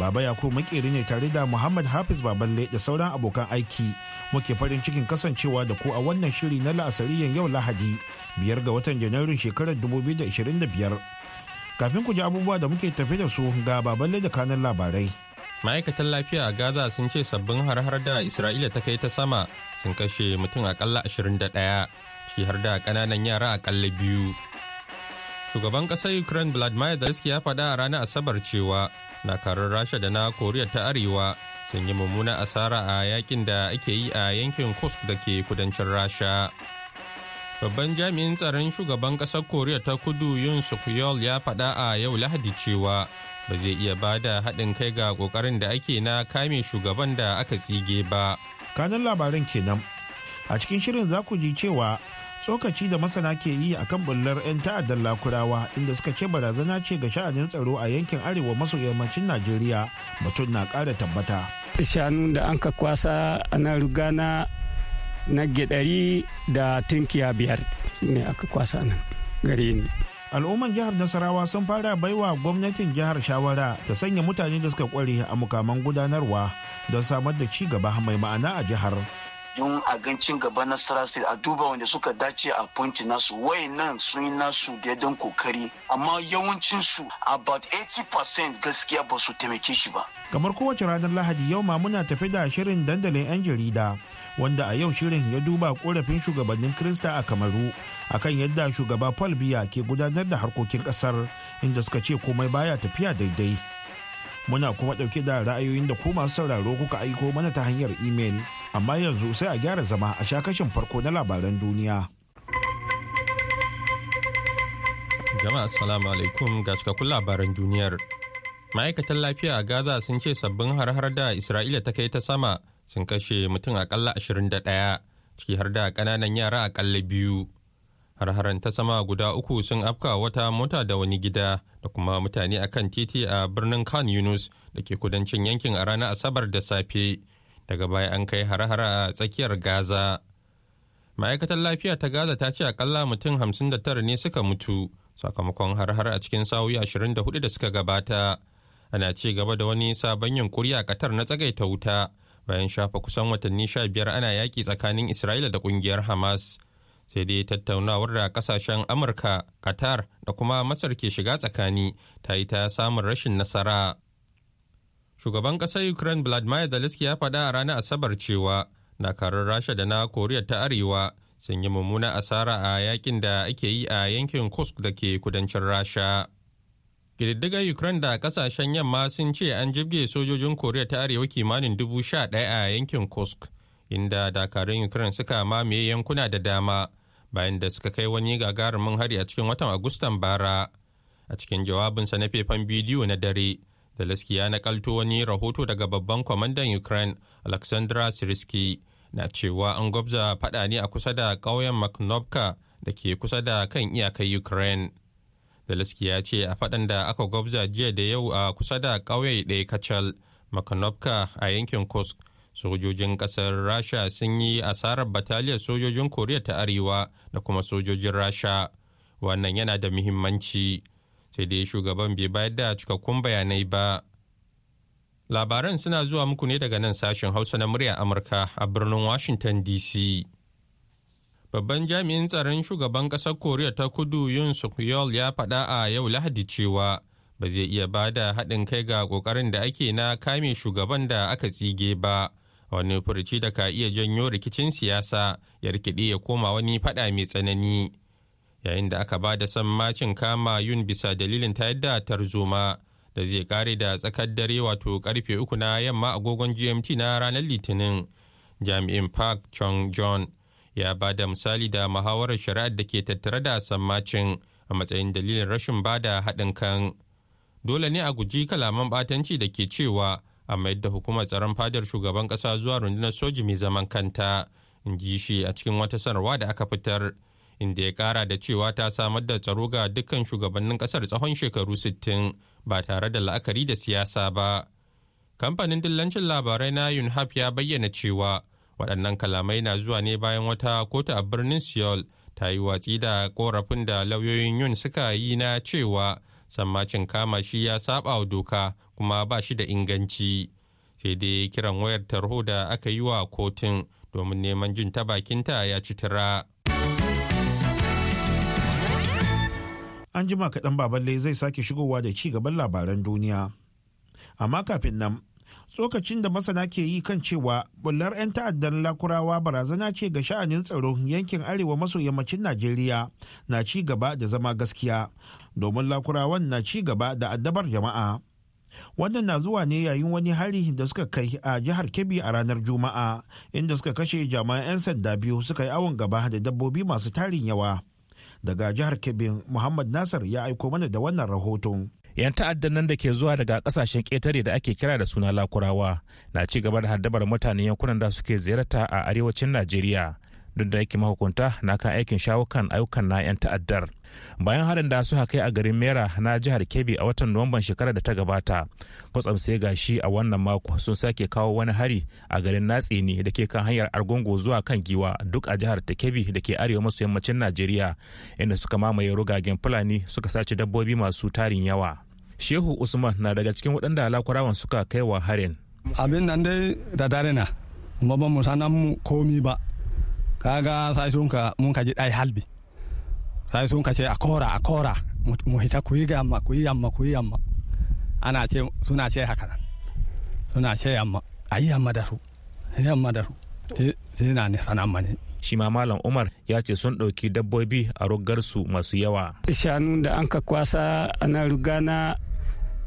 Baba Yakubu makeri ne tare da Muhammad Hafiz Baballe da sauran abokan aiki muke farin cikin kasancewa da ku a wannan shiri na la'asariyan yau Lahadi biyar ga watan Janairun shekarar 2025. Kafin ku ji abubuwa da muke tafi da su ga Baballe da kanan labarai. Ma'aikatan lafiya a Gaza sun ce sabbin har-har da Isra'ila ta kai ta sama sun kashe mutum akalla 21 ciki har da ƙananan yara akalla biyu. shugaban ƙasar ukraine vladimir zelensky ya faɗa a ranar asabar cewa nakarar rasha da na koriya ta arewa sun yi mummuna asara a yakin da ake yi a yankin kursk da ke kudancin rasha babban jami'in tsaron shugaban ƙasar koriya ta kudu yun suk ya faɗa a yau lahadi cewa ba zai iya ba da haɗin kai ga ƙoƙarin da ake na kame shugaban da aka tsige ba kanan labaran kenan a cikin shirin za ku ji cewa tsokaci da masana ke yi a kan bullar 'yan ta'addar lakurawa inda suka ce barazana ce ga sha'anin tsaro a yankin arewa maso yammacin najeriya mutum na kara tabbata shanu da an ka kwasa ana ruga na na da tunkiya biyar ne aka kwasa nan gare ni al'umman jihar nasarawa sun fara baiwa gwamnatin jihar shawara ta sanya mutane da suka kware a mukaman gudanarwa don samar da ci gaba mai ma'ana a jihar don a gancin gaba na sarasi a duba wanda suka dace a punti nasu nan sun yi nasu daidan kokari amma yawancinsu about 80% gaskiya ba su taimake shi ba kamar kowace ranar lahadi yau ma muna tafi da shirin dandalin 'yan jarida wanda a yau shirin ya duba korafin shugabannin krista a kamaru akan yadda shugaba paul biya ke gudanar da harkokin kasar inda suka ce komai baya tafiya daidai muna kuma dauke da ra'ayoyin da ku masu sauraro kuka aiko mana ta hanyar imel. amma yanzu sai a gyara zama a sha kashin farko na labaran duniya. Jama'a salamu alaikum ga cikakkun labaran duniyar. Ma'aikatan lafiya a Gaza sun ce sabbin har-har da Isra'ila ta kai ta sama sun kashe mutum akalla 21 ciki har da ƙananan yara akalla biyu. Har-haren ta sama guda uku sun afka wata mota da wani gida da kuma mutane akan titi a birnin Khan Yunus da ke kudancin yankin a ranar Asabar da safe. daga baya an kai hare-hare a tsakiyar gaza ma'aikatar lafiya ta gaza ta ce akalla mutum tara ne suka mutu sakamakon har-har a cikin sa'o'i 24 da suka gabata ana ci gaba da wani sabon yunkuri a katar na tsagaita wuta bayan shafa kusan watanni 15 ana yaki tsakanin isra'ila da ƙungiyar hamas sai dai tattaunawar da kasashen amurka qatar da kuma masar ke shiga tsakani ta yi ta samun rashin nasara Shugaban ƙasar Ukraine Vladimir Zelensky ya faɗa a ranar Asabar cewa dakarun Rasha da na Koriya ta Arewa sun yi mummuna asara a yakin da ake yi a yankin Kursk da ke kudancin Rasha. Ƙididdigar Ukraine da ƙasashen yamma sun ce an jibge sojojin Koriya ta Arewa kimanin dubu sha ɗaya a yankin Kursk, inda dakarun Ukraine suka mamaye yankuna da dama bayan da suka kai wani gagarumin hari a cikin watan Agustan bara. A cikin jawabinsa na faifan bidiyo na dare, Zelensky ya nakalto wani rahoto daga babban kwamandan Ukraine Alexandra Siriski na cewa an gwabza fada ne a kusa da ƙauyen Maknovka da ke kusa da kan iyakai Ukraine. Zelensky ya ce a fadan da aka gwabza jiya da yau a kusa da ƙauye ɗaya kacal Maknovka a yankin Kursk sojojin ƙasar Rasha sun yi asarar bataliyar sojojin Koriya ta Arewa da kuma sojojin Rasha. Wannan yana da muhimmanci. sai dai shugaban bai bayar da cikakkun bayanai ba labaran suna zuwa muku ne daga nan sashen hausa na murya amurka a birnin washington dc babban jami'in tsaron shugaban ƙasar koriya ta kudu yun suk ya faɗa a yau lahadi cewa ba zai iya ba da haɗin kai ga ƙoƙarin da ake na kame shugaban da aka tsige ba wani furuci da ka iya janyo rikicin siyasa ya rikide ya koma wani faɗa mai tsanani yayin da aka ba da sammacin kama yun bisa dalilin ta yadda tarzoma da zai kare da tsakar dare wato karfe uku na yamma agogon gmt na ranar litinin jami'in park chong john ya ba da misali da muhawarar shari'ar da ke tattare da sammacin a matsayin dalilin rashin ba da haɗin kan dole ne a guji kalaman batanci da ke cewa a mayar da hukumar tsaron fadar shugaban ƙasa zuwa rundunar soji mai zaman kanta in ji shi a cikin wata sanarwa da aka fitar inda ya kara da cewa ta samar da tsaro ga dukkan shugabannin kasar tsawon shekaru 60 ba tare da la'akari da siyasa ba kamfanin dillancin labarai na yunhap ya bayyana cewa waɗannan kalamai na zuwa ne bayan wata kotu a birnin seoul ta yi watsi da korafin da lauyoyin yun suka yi na cewa sammacin kama shi ya saba wa doka kuma ba shi da inganci sai dai kiran wayar tarho da aka yi wa kotun domin neman jin ta bakinta ya ci tira. an jima kaɗan baballe zai sake shigowa da ci gaban labaran duniya amma kafin nan tsokacin da masana ke yi kan cewa bullar 'yan ta'addar lakurawa barazana ce ga sha'anin tsaro yankin arewa maso yammacin najeriya na ci gaba da zama gaskiya domin lakurawan na ci gaba da addabar jama'a wannan na zuwa ne yayin wani hari da suka kai a jihar kebbi a ranar juma'a inda suka kashe jama'an 'yan sanda biyu suka yi awon gaba da dabbobi masu tarin yawa daga jihar kebin muhammad nasir ya aiko mana da wannan rahoton yan ta'addan nan da ke zuwa daga kasashen ƙetare da ake kira da suna lakurawa na ci gaba da haddabar mutane yankunan da suke ziyarta a arewacin najeriya duk da yake mahukunta na kan aikin shawo kan ayyukan na yan ta'addar bayan harin da suka kai a garin mera na jihar kebbi a watan nuwamban shekarar da ta gabata kwatsam sai shi a wannan mako sun sake kawo wani hari a garin natsi ne da ke kan hanyar argungu zuwa kan giwa duk a jihar ta kebbi da ke arewa maso yammacin najeriya inda suka mamaye rugagen fulani suka sace dabbobi masu tarin yawa shehu usman na daga cikin waɗanda alakurawan suka kai wa harin abin nan dai da dare na kuma ba mu sanan komi ba kaga sai sun mun ka ji dai halbi sai sun kace a kora a kora mu hita ku yi yamma ku yi yamma ku yi yamma ana ce suna ce haka nan suna ce yamma a yi yamma da su yamma da su sai na ne sanan mani shi ma malam umar ya ce sun ɗauki dabbobi a su masu yawa shanun da an ka kwasa ana rugana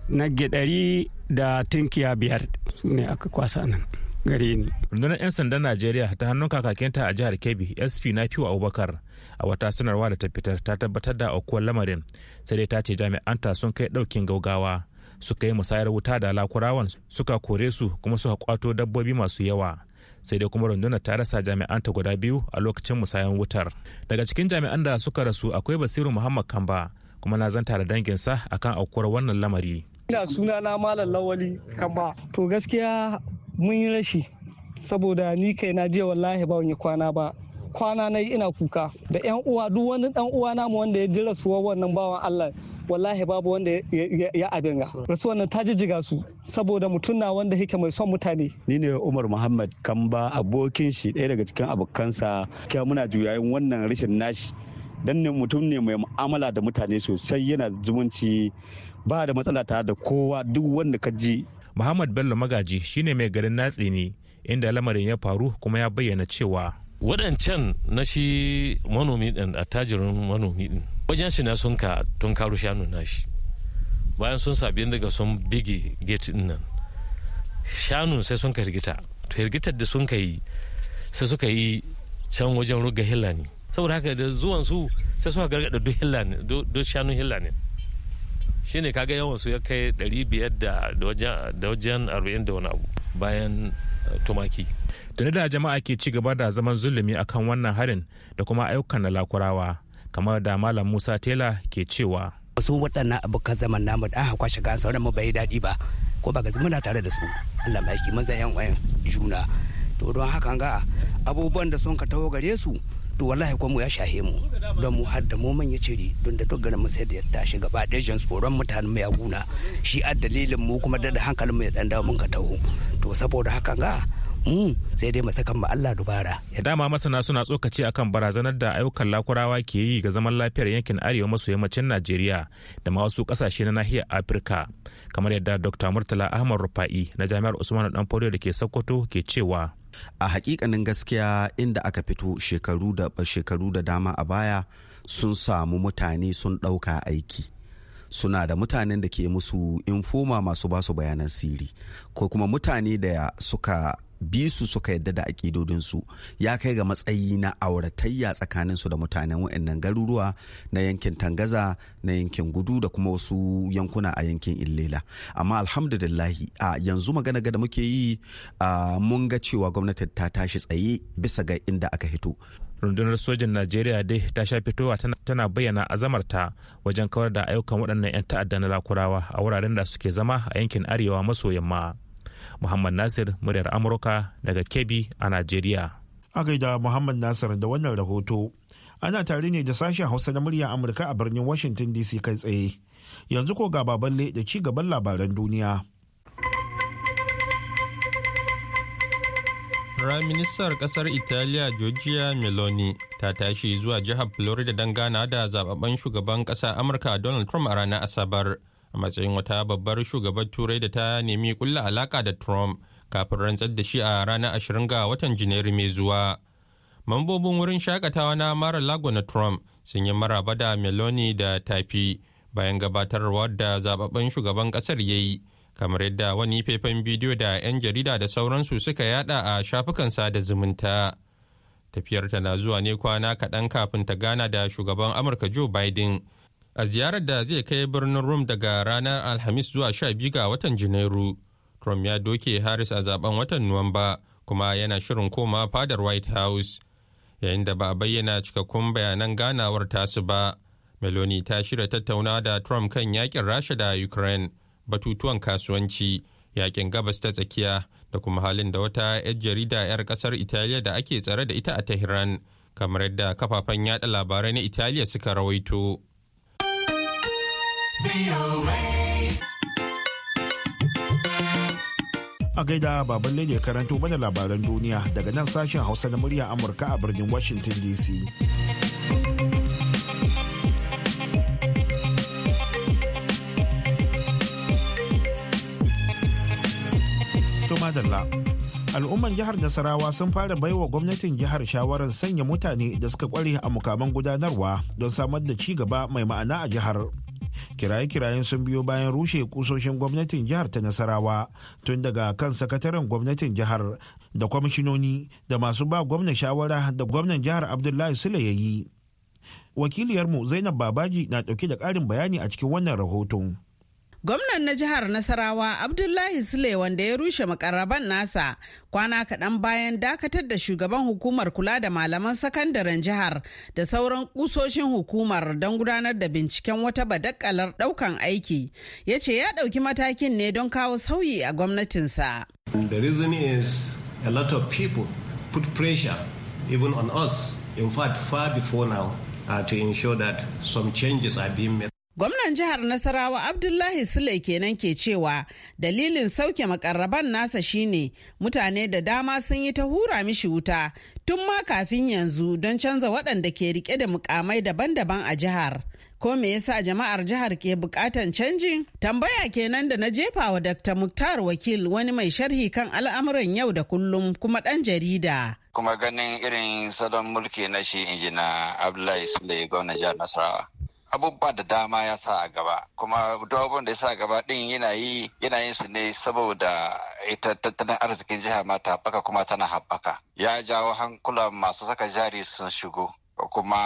na na gidari da tunkiya biyar su ne aka kwasa nan gare ni rundunar 'yan sandan najeriya ta hannun kakakinta a jihar kebbi sp na fiwa abubakar a wata sanarwa da ta fitar ta tabbatar da aukuwar lamarin sai dai ta ce jami'anta sun kai ɗaukin gaugawa suka yi musayar wuta da lakurawan suka kore su kuma suka kwato dabbobi masu yawa sai dai kuma rundunar ta rasa jami'an ta guda biyu a lokacin musayan wutar daga cikin jami'an da suka rasu akwai basiru muhammad kamba kuma na zanta da danginsa akan aukuwar wannan lamari ina suna na malam lawali kamba to gaskiya mun yi rashi saboda ni kai na jiya wallahi ba wani kwana ba kwana na ina kuka da yan uwa duk wani dan uwa na mu wanda ya ji rasuwar wannan bawan Allah wallahi babu wanda ya abin ga rasuwar nan ta jijjiga su saboda mutum na wanda yake mai son mutane ni ne Umar Muhammad Kamba abokin shi ɗaya daga cikin abokansa kya muna juyayin wannan rashin nashi dan ne mutum ne mai mu'amala da mutane sosai yana zumunci ba da matsala ta da kowa duk wanda ka ji Muhammad Bello Magaji shine mai garin Natsi ne inda lamarin ya faru kuma ya bayyana cewa waɗancan na shi manomi ɗin tajirin manomi ɗin wajen shi na sun ka tun karu shanu na shi bayan sun sabi daga sun bige gate ɗin nan shanun sai sun ka hirgita to hirgitar da sun ka yi sai suka yi can wajen ruga hillani saboda haka da zuwan su sai suka gargada duk hillani duk shanun hillani shine kaga yawan su ya kai 500 da wajen 40 da wani abu bayan tumaki tuni da jama'a ke ci gaba da zaman zulumi akan wannan harin da kuma ayyukan na lakurawa kamar da malam musa tela ke cewa wasu waɗannan abokan zaman namu da aka kwashe gan sauran mu bai daɗi ba ko ba gazi muna tare da su allah mai mun zan yan juna to don haka ga abubuwan da sun ka taho gare su to wallahi kuma ya shahe mu don mu har da mu manya ciri don da dogara mu sai da ya tashi gaba ɗaya jan tsoron mutanen mu ya guna shi a dalilin mu kuma da hankalin mu ya dan dawo mun ka taho to saboda haka ga mu sai dai mu kan mu Allah dubara dama masana suna tsokaci akan barazanar da ayyukan lakurawa ke yi ga zaman lafiyar yankin arewa maso yammacin Najeriya da ma wasu kasashe na nahiyar Afirka kamar yadda Dr. Murtala Ahmad Rufa'i na Jami'ar Usman Dan Fodio da ke Sokoto ke cewa a hakikanin gaskiya inda aka fito shekaru da shekaru da dama a baya sun samu mutane sun ɗauka aiki suna da mutanen da ke musu infoma masu basu bayanan siri ko kuma mutane da suka bisu suka yadda da su ya kai ga matsayi na auratayya tsakanin su da mutanen wa'annan garuruwa na yankin tangaza na yankin gudu da kuma wasu yankuna a yankin illela amma alhamdulillahi a yanzu magana da muke yi mun ga cewa gwamnati ta tashi tsaye bisa ga inda aka hito rundunar sojin najeriya dai ta sha fitowa tana bayyana azamarta wajen kawar da ayyukan waɗannan 'yan ta'adda na lakurawa a wuraren da suke zama a yankin arewa maso yamma muhammad nasir muryar amurka daga kebbi a najeriya a gaida muhammad nasir da wannan rahoto ana tare ne da sashen hausa na murya amurka a birnin washington dc kai tsaye yanzu ko ga baballe da ci gaban labaran duniya Firaministar ƙasar Italiya Giorgia Meloni ta tashi zuwa jihar Florida don gana da zababben shugaban ƙasa Amurka Donald Trump a ranar Asabar. a matsayin wata babbar shugabar turai da ta nemi kulla alaka da trump kafin rantsar da shi a ranar 20 ga watan janairu mai zuwa mambobin wurin shakatawa na mara lago na trump sun yi maraba da meloni da tafi bayan gabatarwa da zababben shugaban kasar ya yi kamar yadda wani faifan bidiyo da 'yan jarida da sauransu suka yada a shafukan sada zumunta tafiyarta na zuwa ne kwana kaɗan kafin ta gana da shugaban amurka joe biden a ziyarar da zai kai birnin rum daga ranar alhamis zuwa sha biyu ga watan janairu trump ya doke harris a zaben watan nuwamba kuma yana shirin koma fadar white house yayin da ba a bayyana cikakkun bayanan ganawar tasu ba meloni ta shirya tattauna da trump kan yakin rasha da ukraine batutuwan kasuwanci yakin gabas ta tsakiya da kuma halin da wata 'yar jarida 'yar kasar italiya da ake tsare da ita a tehran kamar yadda kafafen yada labarai na italiya suka rawaito A gaida baban lele karanto mana labaran duniya daga nan sashen Hausa na murya Amurka a birnin Washington DC. madalla al'umman jihar nasarawa sun fara baiwa gwamnatin jihar shawarar sanya mutane da suka kware a mukaman gudanarwa don samar da ci gaba mai ma'ana a jihar. kiraye-kirayen sun biyo bayan rushe kusoshin gwamnatin jihar ta nasarawa tun daga kan sakataren gwamnatin jihar da kwamishinoni da masu ba gwamna shawara da gwamnan jihar abdullahi sule ya yi wakiliyarmu zainab babaji na dauke da karin bayani a cikin wannan rahoton Gwamnan na jihar Nasarawa Abdullahi Sule wanda ya rushe makarraban nasa kwana kaɗan bayan dakatar da shugaban hukumar kula da malaman sakandaren jihar da sauran kusoshin hukumar don gudanar da binciken wata badakkalar ɗaukan aiki ya ce ya ɗauki matakin ne don kawo sauyi a gwamnatinsa. The put on us uh, to ensure that some changes are being made. Gwamnan jihar Nasarawa Abdullahi Sule kenan ke cewa dalilin sauke makarraban nasa shine mutane da dama sun yi ta hura mishi wuta tun ma kafin yanzu don canza waɗanda ke rike da mukamai daban-daban a jihar. Ko me yasa jama'ar jihar ke bukatan canjin? Tambaya kenan da na jefa wa Dr. Muktar Wakil wani mai sharhi kan al'amuran yau da kullum kuma ɗan jarida. Kuma ganin irin salon mulki na shi injina Abdullahi Sule gwamnan jihar Nasarawa. abubuwa da dama ya sa a gaba kuma abubuwan da ya sa a gaba din yana yi yana yin su ne saboda ita tattalin arzikin jiha ma ta haɓaka kuma tana haɓaka ya jawo hankulan masu saka jari sun shigo kuma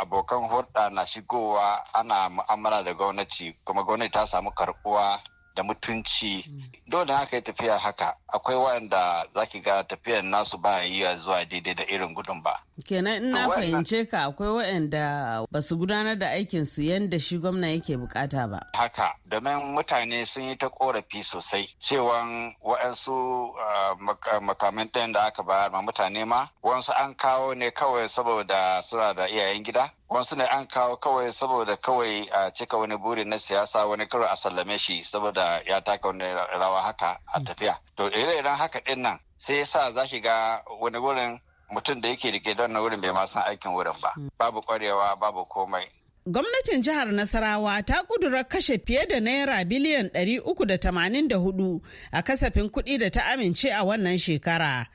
abokan hulɗa na shigowa ana mu'amala da gwamnati kuma gwamnati ta samu karɓuwa da mutunci mm. dole haka yi tafiya haka akwai wanda zaki ga tafiyar nasu ba yi zuwa daidai da irin gudun ba kenan in na fahimce ka akwai waɗanda ba su gudanar da aikin su yadda shi gwamna yake bukata ba haka domin mutane sun yi ta korafi sosai Cewa waɗansu ah, makamin ɗayan da aka bayar ma mutane ma wasu an kawo ne kawai saboda suna da iyayen gida wasu ne an kawo kawai saboda kawai a cika wani buri na siyasa wani karo a sallame shi saboda ya taka wani rawa haka a hmm. tafiya to ire-iren haka din nan sai yasa za ki ga wani wurin mutum da yake rike don wurin bai ma aikin wurin ba hmm. babu kwarewa babu komai gwamnatin jihar Nasarawa ta kudura kashe fiye da naira biliyan ɗari da hudu a kasafin kuɗi da ta amince a wannan shekara.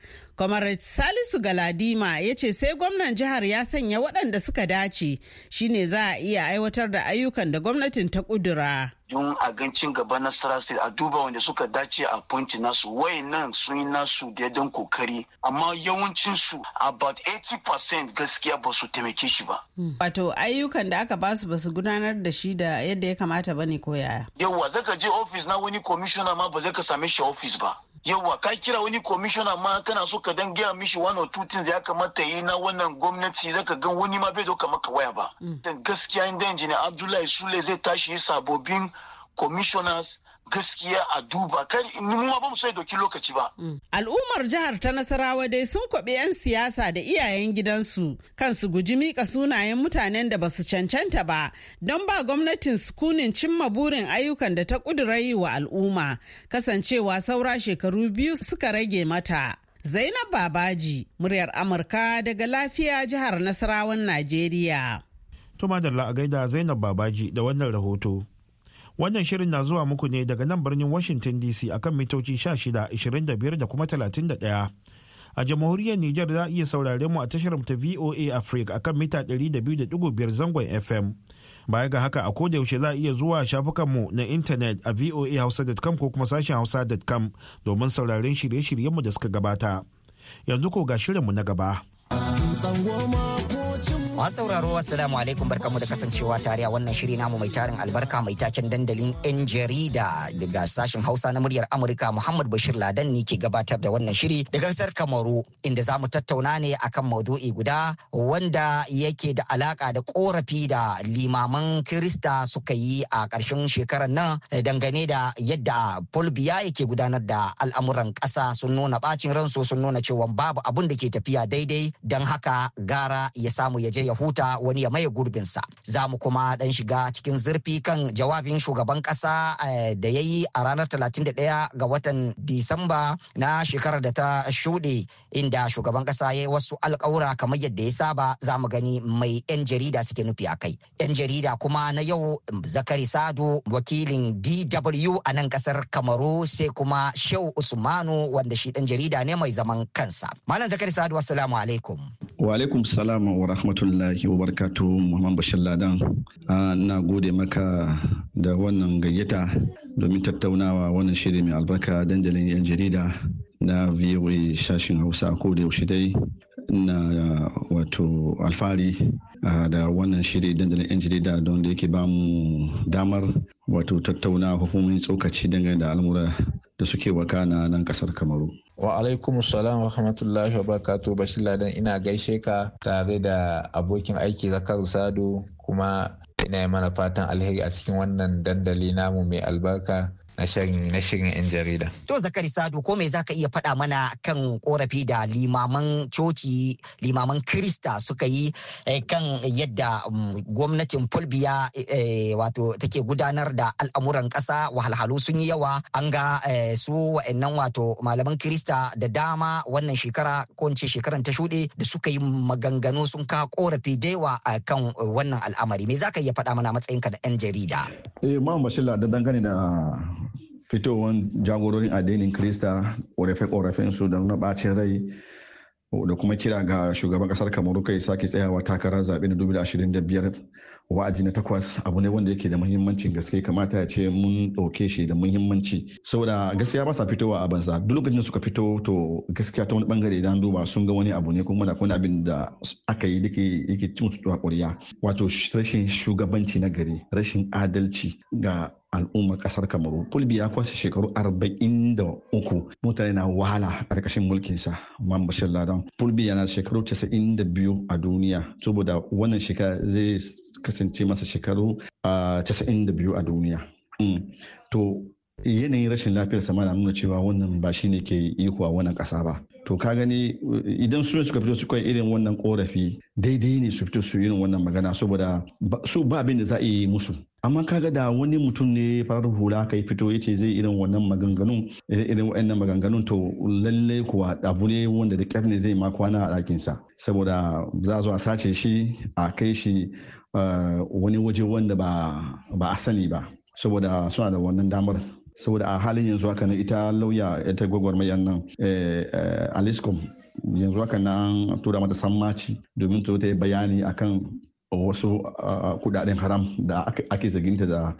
kamar Salisu Galadima ya ce sai gwamnan jihar ya sanya waɗanda suka dace shine za a iya aiwatar da ayyukan da gwamnatin ta ƙudura. Yun a gancin gaba na sarasi a duba wanda suka dace a punci nasu wayannan sun yi nasu da don kokari amma yawancin su about 80% gaskiya ba su taimake shi ba. Hmm. Wato ayyukan da aka basu ba su gudanar da shi da yadda ya kamata ba ne ko yaya. Yawwa zaka je ofis na wani commissioner ma ba zai ka same shi ofis ba. yawa ka kira wani commissioner ma kana so ka ka dan gaya mishi one or two things ya kamata yi na wannan gwamnati zaka gan wani ma bai doka maka waya ba mm. dan gaskiya inda injiniya Abdullahi Sule zai tashi yi sabobin commissioners gaskiya a duba kar mu ma bamu sai doki lokaci ba. Mm. Al'ummar jihar ta Nasarawa dai sun kwaɓe 'yan siyasa da iyayen gidansu su guji mika sunayen mutanen da basu cancanta ba don ba gwamnatin sukunin cimma burin ayyukan da ta ƙudura yi wa al'umma kasancewa saura shekaru biyu suka rage mata. Zainab Babaji, muryar Amurka daga lafiya jihar Nasarawan Najeriya. Tuma da la'agaida Zainab Babaji da wannan rahoto. Wannan shirin na zuwa muku ne daga nan birnin Washington DC akan mitoci 16, 25 da kuma 31. a jamhuriyar Nijar za a iya saurare mu a tashar ta VOA Africa akan mita 200.5 zangon FM. baya ga haka a yaushe za a iya zuwa shafukanmu na intanet a voahausa.com ko kuma sashen hausa.com domin sauraren shirye-shiryenmu da suka gabata yanzu ko ga shirinmu na gaba. Masu sauraro assalamu alaikum barkamu da kasancewa tare a wannan shiri namu mai tarin albarka mai taken dandalin 'yan jarida daga sashen Hausa na muryar Amurka Muhammad Bashir Ladan ne ke gabatar da wannan shiri daga sar Kamaru inda zamu mu tattauna ne akan maudu'i guda wanda yake da alaka da korafi da limaman Kirista suka yi a karshen shekarar nan dangane da yadda Folbiya yake gudanar da al'amuran ƙasa sun nuna bacin ransu sun nuna cewa babu abun da ke tafiya daidai don haka gara ya samu ya je ya huta wani ya maye gurbinsa za mu kuma dan shiga cikin zurfi kan jawabin shugaban kasa eh, da ya yi a ranar 31 ga watan disamba na shekarar da ta shuɗe inda shugaban kasa ya yi wasu alkawura kamar yadda ya saba za mu gani mai 'yan jarida suke nufi a kai 'yan jarida kuma na yau zakari sadu wakilin dw a nan kasar kamaru sai kuma shehu usmanu wanda shi dan jarida ne mai zaman kansa malam zakari sadu assalamu alaikum wa alaikum salam wa rahmatullahi rahmatullahi wa barkatu Muhammad Bashir Ladan. Ah, na gode maka da wannan gayyata domin tattaunawa wannan shiri mai albarka dandalin 'yan jarida na VOA shashin Hausa ko da yaushe dai na wato alfari ah, da wannan shiri dandalin 'yan jarida don da yake bamu damar wato tattauna hukumomin tsokaci dangane da al'amura da suke na nan kasar Kamaru. Wa alaikum salam wa rahmatullahi wa barakatu Bashir Ladan ina gaishe ka tare da abokin aiki Zakaru Sado kuma ina yi mana fatan alheri a cikin wannan dandali namu mai albarka na shirin 'yan jarida. To Zakari Sadu ko me zaka iya faɗa mana kan korafi da limaman coci limaman Krista suka yi eh, kan yadda mm, gwamnatin Fulbiya eh, wato take gudanar da al'amuran ƙasa wahalhalu sun yi yawa an ga eh, su wa'annan wato malaman Krista da dama wannan shekara ko in ce shekaran ta shuɗe da suka yi maganganu sun ka korafi da yawa kan wannan al'amari me zaka iya faɗa mana matsayinka da 'yan jarida. Eh ma da dangane da fitowar jagororin addinin krista ƙorafe-ƙorafen su da na ɓacin rai da kuma kira ga shugaban kasar kamaru kai sake tsayawa takarar zaɓe na 2025 wa'adi na takwas abu ne wanda yake da muhimmancin gaske kamata ya ce mun ɗauke shi da muhimmanci saboda gaskiya ba sa fitowa a banza duk lokacin da suka fito to gaskiya ta wani bangare idan duba sun ga wani abu ne kuma da wani abin da aka yi dake yake cin su a ƙuriya wato rashin shugabanci na gari rashin adalci ga al'ummar kasar kamaru kulbi ya kwasa shekaru arba'in da uku mutane na wahala a ƙarƙashin mulkinsa man bashir ladan kulbi yana shekaru casa'in da biyu a duniya saboda wannan shekara zai kasance masa shekaru casa'in da biyu a duniya mm. to yanayin rashin lafiyarsa mana nuna cewa wannan ba shi ne ke ihu a wannan ƙasa ba to ka gani idan su suka fito kai irin wannan korafi daidai ne su fito su irin wannan magana saboda su ba abin da za a yi musu amma kaga da wani mutum ne farar hula ka yi fito yace zai irin wannan maganganun irin wa'annan maganganun to lalle kuwa abu ne wanda da kyar ne zai ma kwana a ɗakinsa saboda za zo a sace shi a kai shi eh, wani waje wanda ba a sani ba saboda suna da wannan damar saboda a halin yanzu haka na ita lauya ita gwagwarmayar nan eh, eh, aliskom yanzu haka na tura mata sammaci domin ta yi bayani akan wasu ah, ah, kudaden haram da ake zaginta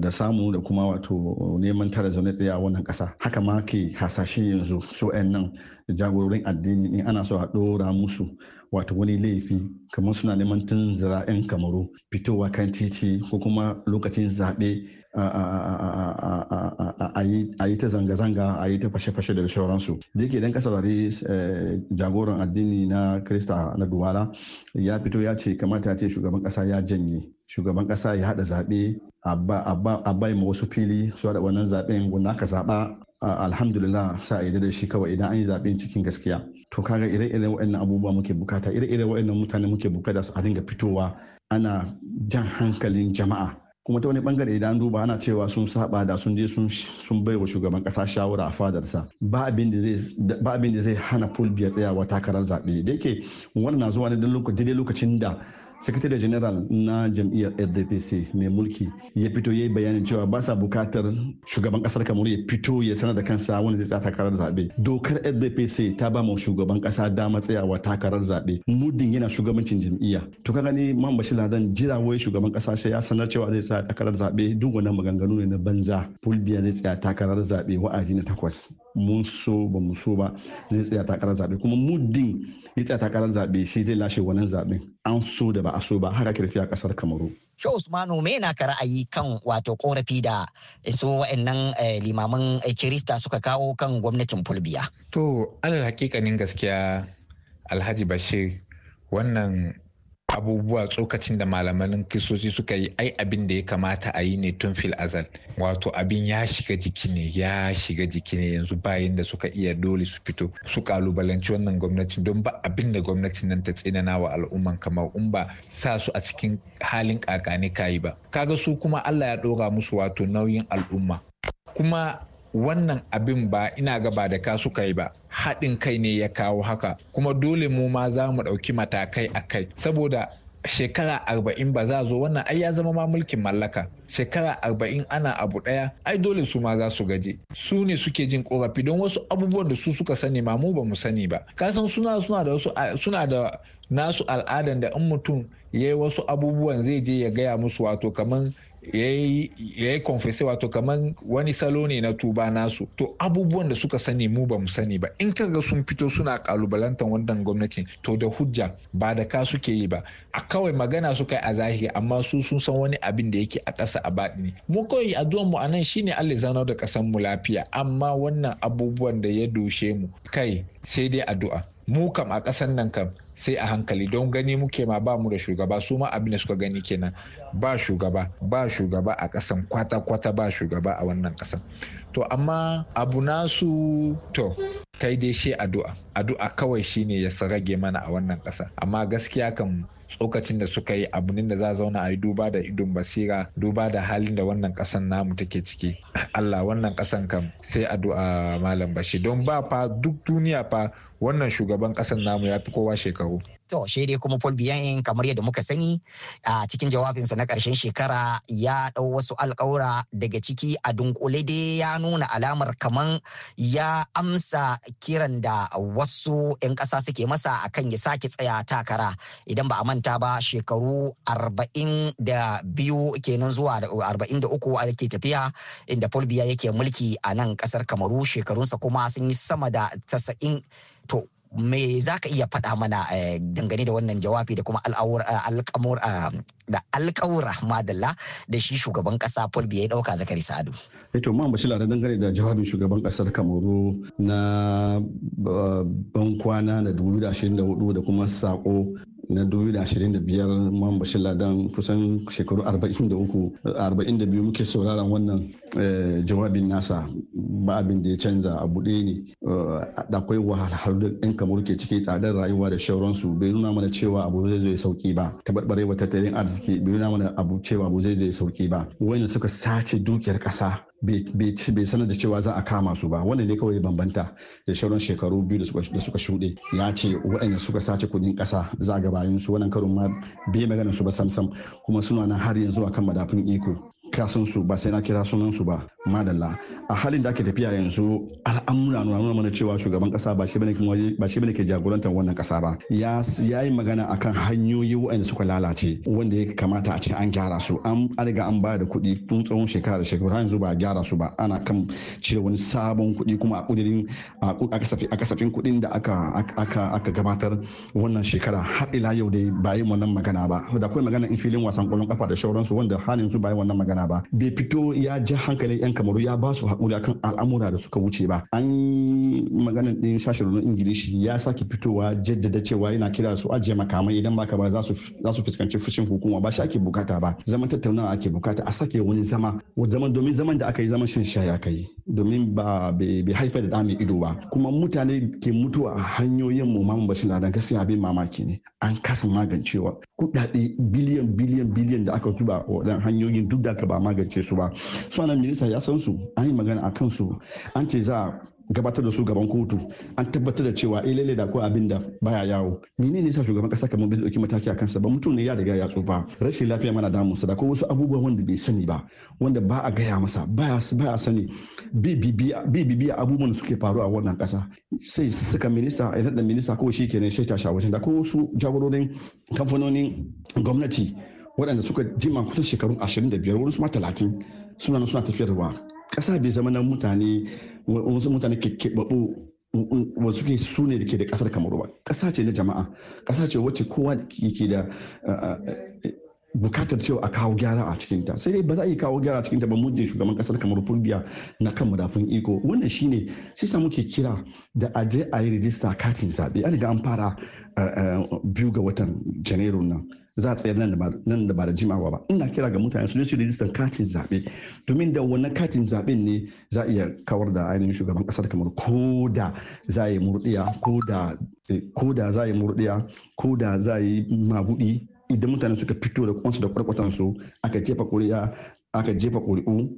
da samu da kuma wato neman tara zaune tsaye a wannan kasa haka ma ke hasashe yanzu so nan jagororin addini in ana so a dora musu wato wani laifi kamar suna neman tun zira'in kamaru fitowa kan titi ko kuma lokacin zaɓe a yi ta zanga-zanga a yi ta fashe-fashe da sauransu da yake idan ka saurari jagoran addini na krista na duwala ya fito ya ce kamata ya ce shugaban kasa ya janye shugaban kasa ya hada zaɓe a bai ma wasu fili su hada wannan zaɓen wanda aka zaɓa alhamdulillah sa a da shi kawai idan an yi zaɓen cikin gaskiya to kaga ire-iren waɗannan abubuwa muke bukata ire-iren waɗannan mutane muke bukata su a dinga fitowa ana jan hankalin jama'a kuma ta wani bangare idan duba ana cewa sun saba da sun je sun bai wa shugaban kasa shawara a fadarsa ba abin da zai hana fulbiya tsayawa takarar zaɓe da yake wannan na zuwa ne lokacin da sakatare general na jam'iyyar sdpc mai mulki ya fito ya yi bayanin cewa ba sa bukatar shugaban kasar kamar ya fito ya sanar da kansa wani zai tsaya takarar zaɓe dokar sdpc ta ba ma shugaban kasa dama tsayawa takarar zaɓe muddin yana shugabancin jam'iyya to kaga gani man bashir ladan jira wai shugaban kasa sai ya sanar cewa zai tsaya takarar zaɓe duk wannan maganganu ne na banza fulbiya zai tsaya takarar zaɓe wa'azi na takwas mun so ba mu so ba zai tsaya takarar zaɓe kuma muddin ya tsaya takarar zaɓe shi zai lashe wannan zaɓen an so da ba a so ba har ake tafiya kasar kamaru shi usmanu me na ka ra'ayi kan wato korafi da so wa'annan eh, limaman eh, kirista suka kawo kan gwamnatin fulbiya to alal hakikanin gaskiya alhaji bashir wannan abubuwa tsokacin da malaman kisosi suka yi ai abin da ya kamata a yi ne tun fil azal wato abin ya shiga jiki ne ya shiga jiki ne yanzu bayan da suka iya dole su fito su kalubalanci wannan gwamnati don ba abin da gwamnatin nan ta tsinana wa al'umman kamar in ba sa su a cikin halin kakani kayi ba kaga su kuma Allah ya ɗora musu wato nauyin al'umma kuma wannan abin ba ina ga ba da ka suka yi ba haɗin kai ne ya kawo haka kuma dole mu ma za mu ɗauki matakai a kai saboda shekara arba'in ba za zo wannan ai ya zama ma mulkin mallaka shekara arba'in ana abu ɗaya ai dole su ma za su gaji su ne suke jin korafi don wasu abubuwan da su suka sani ma mu ba mu sani ba kasan suna suna da wasu suna da nasu al'adan da in mutum ya yi wasu abubuwan zai je ya gaya musu wato kamar ya yi confesse wato kamar wani salo ne na tuba nasu to abubuwan da suka sani mu ba mu sani ba in kaga sun fito suna kalubalantar wannan gwamnatin to da hujja ba da ka suke yi ba a kawai magana suka yi a zahiri amma su sun san wani abin da yake a ƙasa a baɗi ne. mu kawai addu'an mu anan shine Allah zanar da ƙasar mu lafiya amma wannan abubuwan da ya doshe mu kai sai dai addu'a mu kam a ƙasar nan kam sai a hankali don gani muke ma ba mu da shugaba su ma abin da suka gani kenan ba shugaba ba shugaba a kasan kwata-kwata ba shugaba a wannan kasan to amma abu nasu to kai dai shi addu'a addu'a kawai shine ya rage mana a wannan ƙasa amma gaskiya kan tsokacin da suka yi nan da za zauna a yi duba da idon basira duba da halin da wannan kasan namu take ciki allah wannan kasan kam sai addu'a malam bashi don ba fa duk duniya fa wannan shugaban ƙasan namu ya fi kowa shekaru To shi dai kuma Paul Biyan kamar yadda muka sani a cikin jawabinsa na ƙarshen shekara ya ɗau wasu alƙawura daga ciki a dunkule dai ya nuna alamar kamar ya amsa kiran da wasu 'yan ƙasa suke masa akan ya sake tsaya takara idan ba a manta ba shekaru arba'in kenan zuwa arba'in da uku tafiya inda Paul Biya yake mulki a nan ƙasar Kamaru shekarunsa kuma sun yi sama da 90 to me za ka iya faɗa mana eh, dangane da wannan jawabi da kuma eh, eh, alƙawura madalla da shi shugaban ƙasa paul biya ya ɗauka zakari sa'adu. eto ma mace lara dangane da jawabin shugaban ƙasar kamaru na bankwana na 2024 da kuma sako na 2025 Muhammad Bashir Ladan kusan shekaru 42 muke sauraron wannan eh, jawabin nasa ba abin da ya canza a buɗe ne eh, akwai wahalhalu da ɗan kamar ke ciki tsadar rayuwa da shauransu bai nuna mana cewa abu zai zo ya sauki ba taɓarɓarewa tattalin arziki bai nuna mana abu cewa abu zai zo ya sauki ba wani suka sace dukiyar ƙasa bai sanar da cewa za a kama su ba Wannan ne kawai bambanta da shauran shekaru biyu da suka shuɗe ya ce waɗanda suka sace kudin ƙasa za a bayan su wannan karon ma bai magana su ba samsam kuma suna nan har yanzu akan madafin iko kasan su ba sai na kira sunan su ba madalla a halin da ake tafiya yanzu al'amura nuna mana cewa shugaban kasa ba shi bane ke jagorantar wannan kasa ba ya yi magana akan hanyoyi waɗanda suka lalace wanda ya kamata a ce an gyara su an riga an da kuɗi tun tsawon shekara da shekaru yanzu ba a gyara su ba ana kan cire wani sabon kuɗi kuma a kudirin a kasafin kuɗin da aka gabatar wannan shekara har ila yau dai ba yi wannan magana ba da akwai magana in filin wasan ƙwallon kafa da shauransu wanda halin su ba yi wannan magana magana ba bai fito ya ji hankalin yan kamaru ya ba su haƙuri akan al'amura da suka wuce ba an yi magana ɗin sashen ruwan ingilishi ya sake fitowa jaddada cewa yana kira su ajiye makamai idan baka ba za su fuskanci fushin hukuma ba shi ake bukata ba zaman tattaunawa ake bukata a sake wani zama zaman domin zaman da aka yi zaman shan shaya aka yi domin ba bai haifar da damin ido ba kuma mutane ke mutuwa a hanyoyin mu mamun bashin ladan gaskiya abin mamaki ne an kasa magancewa kuɗaɗe biliyan biliyan biliyan da aka zuba wa hanyoyin duk da ka ba magance su ba su nan minista ya san su an yi magana a kansu an ce za a gabatar da su gaban kotu an tabbatar da cewa eh lalle da ko abin da baya yawo ne sa shugaban kasa kamar bai dauki mataki a kansa ba mutum ne ya riga ya tsufa rashin lafiya mana damu sa da ko wasu abubuwa wanda bai sani ba wanda ba a gaya masa baya baya sani bibibiya abubuwan da suke faruwa a wannan kasa sai suka minista ya da minista ko shi kenan shaita shawarar da ko wasu jagororin kamfanonin gwamnati waɗanda suka jima kusan shekarun 25 wurin suma 30 suna suna tafiyarwa ƙasa bai zama na mutane wasu mutane keɓaɓɓu wasu ke su ne da ke da ƙasar kamar ba ƙasa ce na jama'a ƙasa ce wacce kowa ke da bukatar cewa a kawo gyara a cikinta sai dai ba za a yi kawo gyara a cikinta ba muddin shugaban kasar kamar fulbiya na kan madafun iko wannan shine sai samu ke kira da a je a yi rijista katin zaɓe an ga an fara biyu ga watan janairun nan za a tsayar nan da ba da jimawa ba ina kira ga mutane su ne su rijistar katin zaɓe domin da wannan katin zaɓen ne za a iya kawar da ainihin shugaban ƙasar kamar ko da za a yi murɗiya eh, ko da za a yi murɗiya ko da za a yi mabuɗi idan mutane suka fito da kwansu da kwarkwatansu aka jefa kuri'a aka jefa ƙuri'u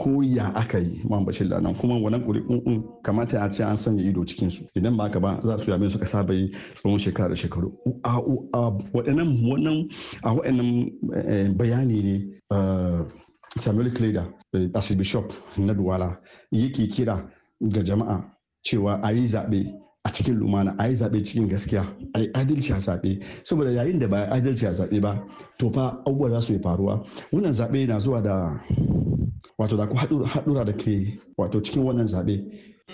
ko ya aka yi man bashir nan kuma wannan ƙuri'un kamata a ce an sanya ido cikin su idan ba haka ba za su yabe suka saba yi tsawon shekara da shekaru a waɗannan wannan a waɗannan eh, bayani ne eh, samuel kleda eh, asibishop na duwala yake kira ga jama'a cewa a yi zaɓe a cikin lumana a yi zaɓe cikin gaskiya a yi adalci a zaɓe saboda yayin da ba a adalci a zaɓe ba to fa abubuwa za su yi faruwa wannan zaɓe na zuwa da wato da haɗura da ke wato cikin wannan zaɓe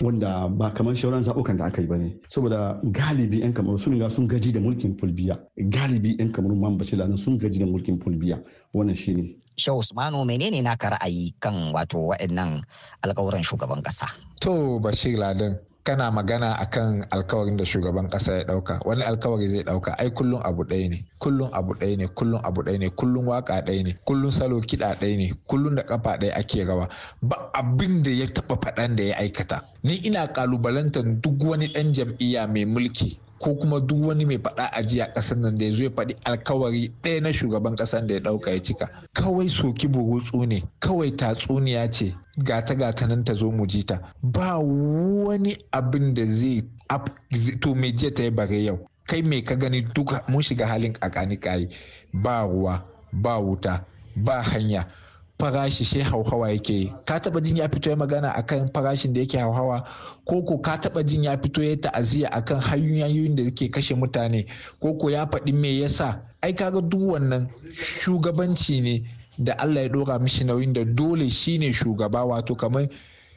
wanda ba kamar shauran zaɓukan da aka yi ba ne saboda galibi 'yan kamar sun ga sun gaji da mulkin fulbiya galibi 'yan kamar man bashila sun gaji da mulkin fulbiya wannan ne Shehu Usmanu menene naka ra'ayi kan wato waɗannan alƙawuran shugaban kasa. To Bashir Ladan, kana magana akan alkawarin da shugaban kasa ya dauka wani alkawari zai dauka ai kullun abu ɗaya ne kullun abu ɗaya ne kullun abu ɗaya ne kullun waka ɗaya ne kullun salo kiɗa ɗaya ne kullun da kafa ɗaya ake rawa ba abin da ya taɓa faɗan da ya aikata ni ina kalubalantar duk wani ɗan jam'iyya mai mulki ko kuma duk wani mai faɗa a jiya ƙasar nan da ya zo ya faɗi alkawari ɗaya na shugaban ƙasar da ya ɗauka ya cika kawai soki burutsu ne kawai tatsuniya ce gata gata nan ta zo mu ta ba wani abin da zai to me jiya ta yi bare yau kai mai ka gani duka mun shiga halin kakani kayi ba ruwa ba wuta ba hanya farashi sai hauhawa yake yi ka taba jin ya fito ya magana akan farashin da yake hauhawa ko ka taba jin ya fito ya ta'aziyya akan hanyoyin da yake kashe mutane ko ko ya faɗi me yasa ai kaga duk wannan shugabanci ne da Allah ya dora mishi nauyin da dole shine shugaba wato kamar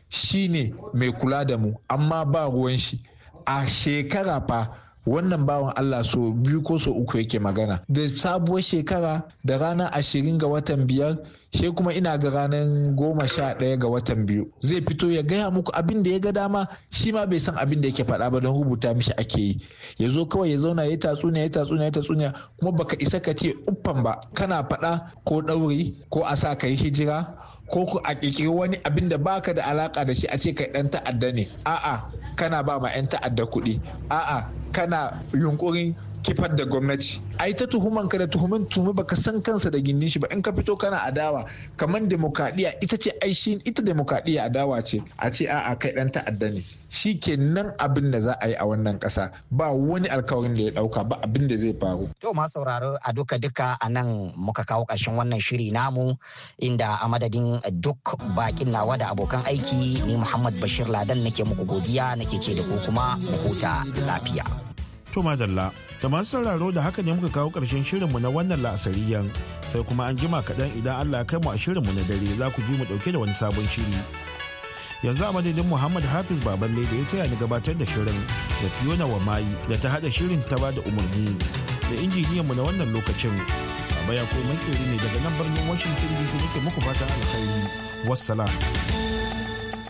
shine mai kula da mu amma ba ruwan shi a shekara fa wannan bawan Allah so biyu ko so uku yake magana da sabuwar shekara da ranar ashirin ga watan biyar she kuma ina ga ranar goma sha ɗaya ga watan biyu zai fito ya gaya muku abin da ya ga dama shi ma bai san abin da yake faɗa ba don rubuta mishi ake yi ya zo kawai ya zauna ya tatsuniya ya tatsuniya ya tatsuniya kuma baka isa ka ce uffan ba kana faɗa ko ɗauri ko a sa ka yi hijira ko ku a kikiri wani abin da baka da alaka da shi a ce kai dan ta'adda ne a'a kana ba ma 'yan ta'adda kuɗi a'a kana yunkurin kifar da gwamnati ai ta tuhuman ka da tuhumin tuhumi baka san kansa da gindin shi ba in ka fito kana adawa kamar demokradiya ita ce ai shi ita demokradiya adawa ce a ce a'a kai dan ta'adda ne shi ke nan abin da za a yi a wannan kasa ba wani alkawarin da ya dauka ba abin da zai faru to ma sauraro a duka duka a nan muka kawo ƙarshen wannan shiri namu inda a madadin duk bakin nawa da abokan aiki ni Muhammad Bashir Ladan nake muku godiya nake ce da ku kuma mu huta lafiya to madalla Da masu sauraro da haka ne muka kawo ƙarshen shirinmu na wannan la'asariyan sai kuma an jima kaɗan idan Allah kai mu a shirinmu na dare za ku ji mu ɗauke da wani sabon shiri. Yanzu a madadin Muhammad Hafiz Baballe da ya taya ni gabatar da shirin da Fiona mayi da ta haɗa shirin ta da umarni da injiniyan mu na wannan lokacin. baya ko mai ne daga nan birnin Washington DC nake muku fata alkhairi. Wassalam.